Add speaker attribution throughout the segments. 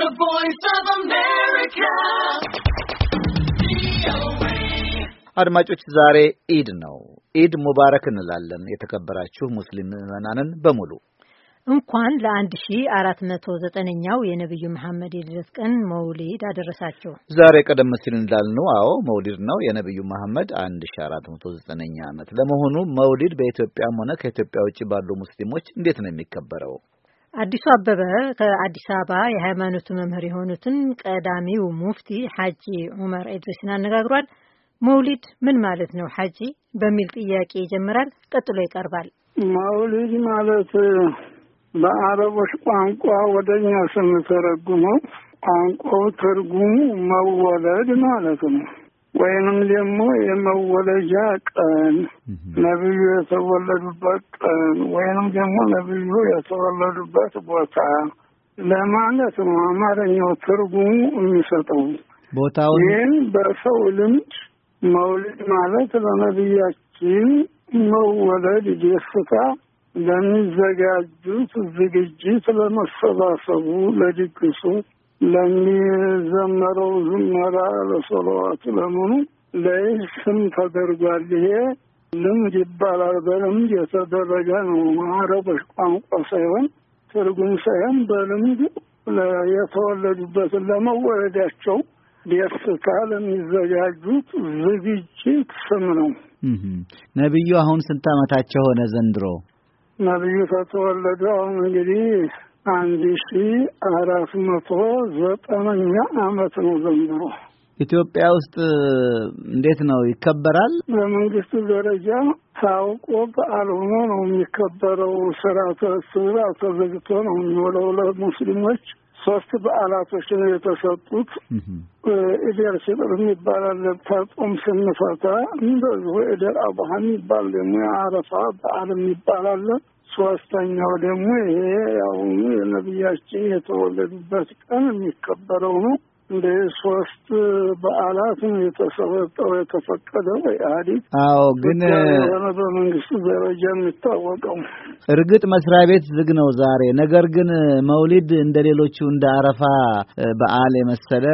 Speaker 1: The Voice of America. አድማጮች ዛሬ ኢድ ነው። ኢድ ሙባረክ እንላለን የተከበራችሁ ሙስሊም ምዕመናንን በሙሉ
Speaker 2: እንኳን አራት መቶ ዘጠነኛው የነብዩ መሐመድ የልደት ቀን መውሊድ አደረሳቸው። ዛሬ
Speaker 1: ቀደም ሲል እንዳልነው አዎ መውሊድ ነው የነቢዩ መሐመድ መቶ ዘጠነኛ ዓመት። ለመሆኑ መውሊድ በኢትዮጵያም ሆነ ከኢትዮጵያ ውጭ ባሉ ሙስሊሞች እንዴት ነው የሚከበረው?
Speaker 2: አዲሱ አበበ ከአዲስ አበባ የሃይማኖቱ መምህር የሆኑትን ቀዳሚው ሙፍቲ ሐጂ ዑመር ኤድሪስን አነጋግሯል። መውሊድ ምን ማለት ነው ሐጂ በሚል ጥያቄ ይጀምራል። ቀጥሎ ይቀርባል። መውሊድ ማለት በአረቦች ቋንቋ ወደ እኛ ስንተረጉመው ቋንቋው ትርጉሙ መወለድ ማለት ነው። ወይንም ደግሞ የመወለጃ ቀን ነብዩ የተወለዱበት ቀን ወይንም ደግሞ ነብዩ የተወለዱበት ቦታ ለማለት ነው። አማርኛው ትርጉሙ የሚሰጠው
Speaker 1: ቦታው። ይህን
Speaker 2: በሰው ልምድ መውለድ ማለት ለነቢያችን መወለድ ደስታ ለሚዘጋጁት ዝግጅት፣ ለመሰባሰቡ፣ ለድግሱ ለሚዘመረው ዝመራ፣ ለሰለዋት፣ ለምኑ ለይህ ስም ተደርጓል። ይሄ ልምድ ይባላል። በልምድ የተደረገ ነው። ማረቦች ቋንቋ ሳይሆን ትርጉም ሳይሆን በልምድ የተወለዱበትን ለመወለዳቸው ደስታ ለሚዘጋጁት ዝግጅት ስም ነው።
Speaker 1: ነቢዩ አሁን ስንት ዓመታቸው ሆነ? ዘንድሮ
Speaker 2: ነቢዩ ከተወለዱ አሁን እንግዲህ አንድ ሺ አራት መቶ ዘጠነኛ አመት ነው ዘንድሮ።
Speaker 1: ኢትዮጵያ ውስጥ እንዴት ነው ይከበራል?
Speaker 2: በመንግስት ደረጃ ታውቆ በዓል ሆኖ ነው የሚከበረው። ስራ ተዘግቶ ነው የሚውለው ለሙስሊሞች ሶስት በዓላቶች ነው የተሰጡት። ኢደር ሲጥር የሚባል አለ ከጾም ስንፈታ፣ እንደዚሁ ኢደር አቡሃ የሚባል ደግሞ የአረፋ በዓል የሚባል ሶስተኛው ደግሞ ይሄ ያሁኑ የነቢያችን የተወለዱበት ቀን የሚከበረው ነው። እንደ ሶስት በዓላት የተሰበጠው የተፈቀደው ኢህአዴግ።
Speaker 1: አዎ፣ ግን የሆነ
Speaker 2: በመንግስት ደረጃ የሚታወቀው
Speaker 1: እርግጥ መስሪያ ቤት ዝግ ነው ዛሬ። ነገር ግን መውሊድ እንደ ሌሎቹ እንደ አረፋ በዓል የመሰለ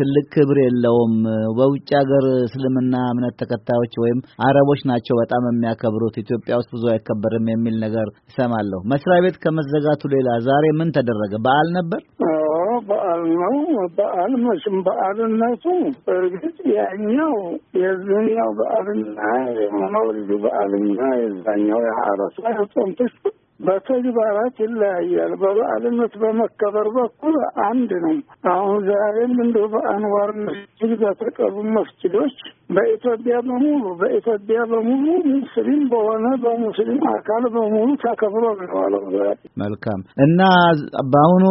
Speaker 1: ትልቅ ክብር የለውም። በውጭ ሀገር እስልምና እምነት ተከታዮች ወይም አረቦች ናቸው በጣም የሚያከብሩት፣ ኢትዮጵያ ውስጥ ብዙ አይከበርም የሚል ነገር ይሰማለሁ። መስሪያ ቤት ከመዘጋቱ ሌላ ዛሬ ምን ተደረገ? በዓል ነበር።
Speaker 2: በዓል ነው። በዓል መቼም በዓልነቱ በእርግጥ ያኛው የዝኛው በዓልና የመውሊዱ በዓልና የዛኛው የአረፋ የጾም በተግባራት ይለያያል። በበዓልነት በመከበር በኩል አንድ ነው። አሁን ዛሬም እንደ በአንዋር መስጅድ በተቀሩ መስጅዶች በኢትዮጵያ በሙሉ በኢትዮጵያ በሙሉ ሙስሊም በሆነ በሙስሊም አካል በሙሉ ተከብሮ ነው።
Speaker 1: መልካም እና በአሁኑ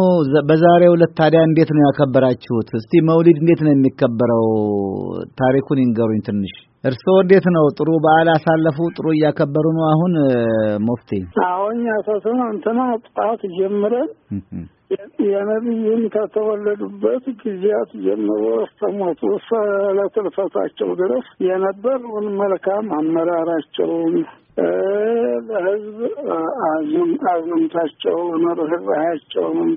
Speaker 1: በዛሬው ዕለት ታዲያ እንዴት ነው ያከበራችሁት? እስቲ መውሊድ እንዴት ነው የሚከበረው? ታሪኩን ይንገሩኝ ትንሽ እርስዎ እንዴት ነው? ጥሩ በዓል አሳለፉ? ጥሩ እያከበሩ ነው? አሁን ሙፍቲ
Speaker 2: አሁን ያሳሰኑ እንትና ጥቃት ጀምረን የነቢይን ከተወለዱበት ጊዜያት ጀምሮ እስከሞቱ ዕለተ ሕልፈታቸው ድረስ የነበረውን መልካም አመራራቸውን ለሕዝብ አዝምታቸውን ርኅራኄያቸውን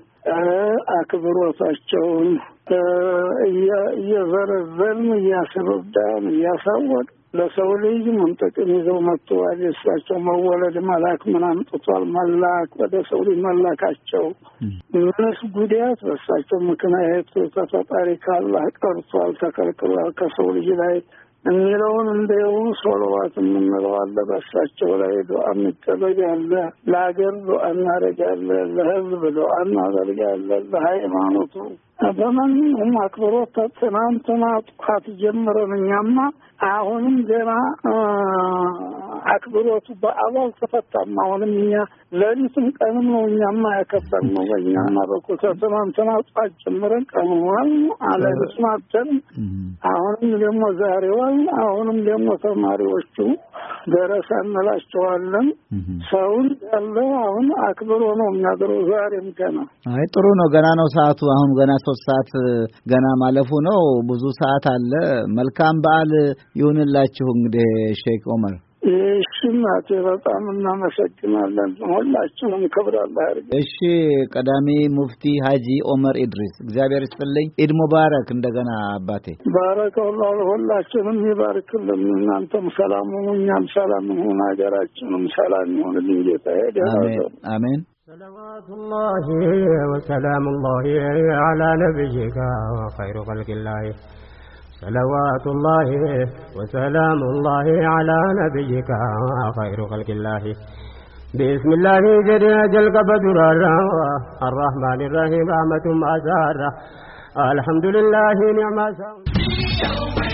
Speaker 2: አክብሮታቸውን እየዘረዘርን እያስረዳን እያሳወቅ ለሰው ልጅ ምን ጥቅም ይዘው መጥተዋል፣ የእሳቸው መወለድ መላክ ምን አምጥቷል፣ መላክ ወደ ሰው ልጅ መላካቸው ምንስ ጉዳት በእሳቸው ምክንያት ተፈጣሪ ካላህ ቀርቷል፣ ተከልክሏል፣ ከሰው ልጅ ላይ የሚለውን እንደው ሶሎዋት የምንለው አለ። በሳቸው ላይ ዱዓ የሚደረግ አለ። ለሀገር ዱዓ እናደርጋለን፣ ለህዝብ ዱዓ እናደርጋለን። ለሃይማኖቱ በማንኛውም አክብሮት ትናንትና ጥቃት ጀምረን እኛማ አሁንም ገና አክብሮቱ በአባል ተፈታም። አሁንም እኛ ለሊትም ቀንም ነው እኛማ ያከበር ነው በእኛማ በኩል ተሰማምተን አጽዋት ቀንዋል አለስማብተን አሁንም ደግሞ ዛሬዋል አሁንም ደግሞ ተማሪዎቹ ደረሳ እንላቸዋለን። ሰውን ያለ አሁን አክብሮ ነው የሚያድረው። ዛሬም ገና
Speaker 1: አይ ጥሩ ነው። ገና ነው ሰዓቱ። አሁን ገና ሶስት ሰዓት ገና ማለፉ ነው። ብዙ ሰዓት አለ። መልካም በዓል ይሁንላችሁ እንግዲህ ሼክ ኦመር
Speaker 2: እሺም አቶ በጣም እናመሰግናለን። ሁላችሁም ክብር አላ ያርግ።
Speaker 1: እሺ ቀዳሚ ሙፍቲ ሀጂ ኦመር ኢድሪስ እግዚአብሔር ይስጥልኝ። ኢድ ሙባረክ። እንደገና አባቴ
Speaker 2: ባረከ ላሁ ሁላችንም ይባርክልን። እናንተም ሰላም ሁኑ፣ እኛም ሰላም ሁን፣ ሀገራችንም ሰላም ይሁንልን። ጌታ ሄድ
Speaker 1: አሜን። صلوات الله وسلام الله على نبيك وخير خلق الله صلوات الله وسلام الله على نبيك خير خلق الله بسم الله جل جل قبدر الرحمن الرحيم رحمة ما الحمد لله
Speaker 2: نعم